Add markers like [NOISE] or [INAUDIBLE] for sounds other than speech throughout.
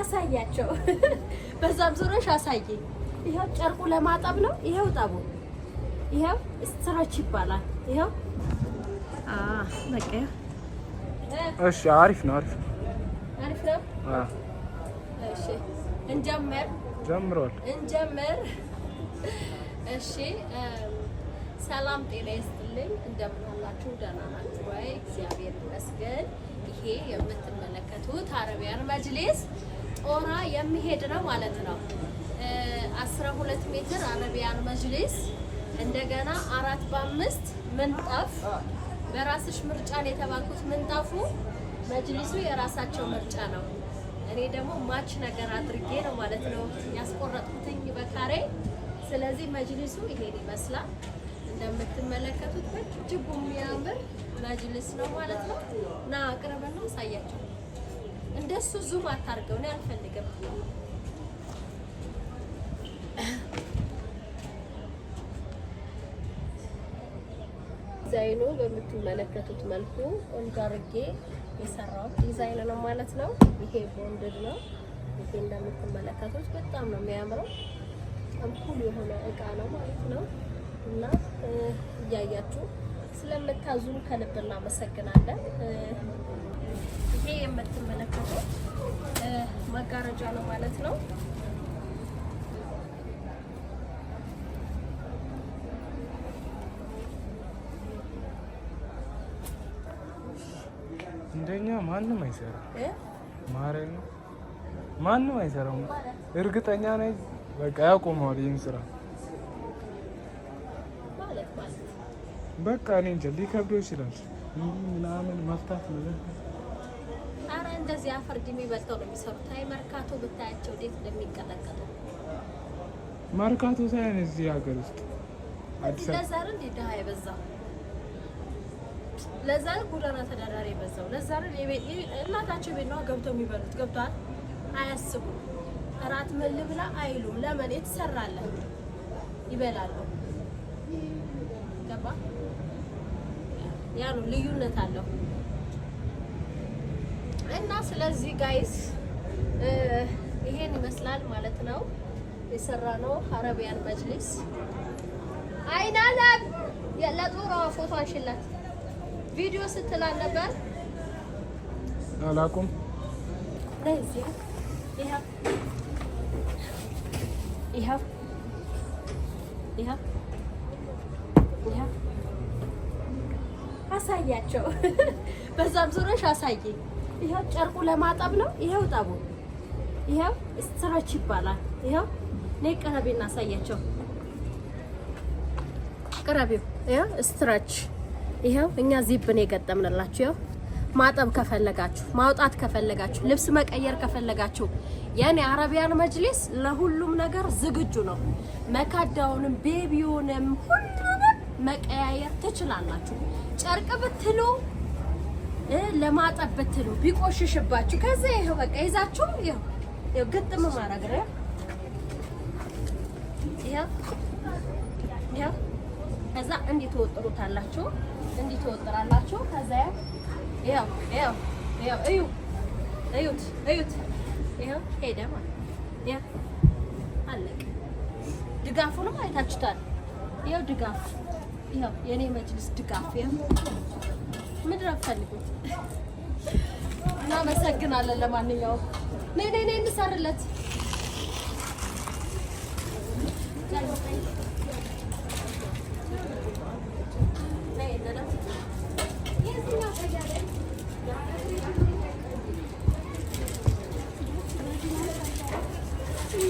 አሳያቸው። በዛም ዙረሽ አሳየ። ይኸው ጨርቁ ለማጠብ ነው። ይኸው ጠቡ፣ ይኸው ስትሮች ይባላል። ይኸው እሺ፣ አሪፍ ነው። አሪፍ አሪፍ ነው። እሺ፣ እንጀምር እሺ ሰላም ጤና ይስጥልኝ። እንደምን አላችሁ? ደህና ናችሁ ወይ? እግዚአብሔር ይመስገን። ይሄ የምትመለከቱት አረቢያን መጅሊስ ጦራ የሚሄድ ነው ማለት ነው። አስራ ሁለት ሜትር አረቢያን መጅሊስ እንደገና አራት በአምስት ምንጣፍ በራስሽ ምርጫን የተባልኩት ምንጣፉ መጅሊሱ የራሳቸው ምርጫ ነው። እኔ ደግሞ ማች ነገር አድርጌ ነው ማለት ነው ያስቆረጥኩትኝ በካሬ ስለዚህ መጅልሱ ይሄን ይመስላል። እንደምትመለከቱት በእጅጉ የሚያምር መጅልስ ነው ማለት ነው። እና አቅርበና አሳያቸው። እንደሱ ዙም አታርገው ነው አልፈልግም። ዲዛይኑ በምትመለከቱት መልኩ ቆንጆ አድርጌ የሰራሁት ዲዛይን ነው ማለት ነው። ይሄ ቦንድድ ነው። ይሄ እንደምትመለከቱት በጣም ነው የሚያምረው። እኩል የሆነ እቃ ነው ማለት ነው። እና እያያችሁ ስለምታዙን ከልብ እናመሰግናለን። ይሄ የምትመለከተው መጋረጃ ነው ማለት ነው። እንደኛ ማንም አይሰራም። ማረኝ ማንም አይሰራም። እርግጠኛ ነኝ በቃ ያቆመዋል ይህን ስራ በቃ እኔ እንጃ ሊከብደው ይችላል። እንዲህ ምናምን መፍታት ነው። አረ እንደዚህ አፈር ድሜ በልተው ነው የሚሰሩት። አይ መርካቶ ብታያቸው እንዴት እንደሚቀጠቀጡ መርካቶ ሳይሆን እዚህ ሀገር ውስጥ አዲስ አበባ ለዛ አይደል ድሃ የበዛው፣ ለዛ ጎዳና ተዳዳሪ የበዛው፣ ለዛር እናታቸው ቤት ነው ገብተው የሚበሉት። ገብቷል አያስቡም እራት ምን ብላ አይሉ ለምን የተሰራለን ይበላሉ። ገባ ያ ልዩነት አለው እና ስለዚህ ጋይስ ይሄን ይመስላል ማለት ነው የሰራነው አረቢያን መጅሊስ አይናለም ለጦሯ ፎቶ አንሽላት ቪዲዮ ስትላል ነበር አላውቅም ይኸው ይኸው ይኸው አሳያቸው። [LAUGHS] በዛም ዙረሽ አሳይ ይኸው ጨርቁ ለማጠብ ነው። ይኸው ጠቡ፣ ይኸው ስትረች ይባላል። ይኸው ነይ አሳያቸው። ስትረች፣ ይኸው እኛ ዚብን የገጠምንላችሁ ይኸው ማጠብ ከፈለጋችሁ፣ ማውጣት ከፈለጋችሁ፣ ልብስ መቀየር ከፈለጋችሁ የኔ አረቢያን መጅሊስ ለሁሉም ነገር ዝግጁ ነው። መካዳውንም ቤቢውንም ሁሉንም መቀያየር ትችላላችሁ። ጨርቅ ብትሉ ለማጠብ ብትሉ ቢቆሽሽባችሁ ከዛ ይሄው በቃ ይዛችሁ ይሄው ግጥም ማድረግ ነው። ከዛ እንዲህ ትወጥሩታላችሁ፣ እንዲህ ትወጥራላችሁ ከዛ እዩት እዩት፣ ይኸው ሄደ ማለት ነው። አለቀ። ድጋፉንም አይታችሁታል። ይኸው ድጋፍ፣ ይኸው የእኔ መጅልስ ድጋፍ። ይኸው ምንድን ነው እናመሰግናለን። ለማንኛውም ነይ ነይ ነይ እንሰርለት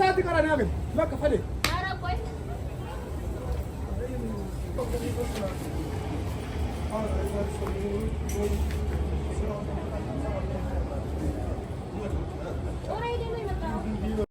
Asante kwa nani yako? Baka fale. Ara kwa. o r a y g e l i n a k a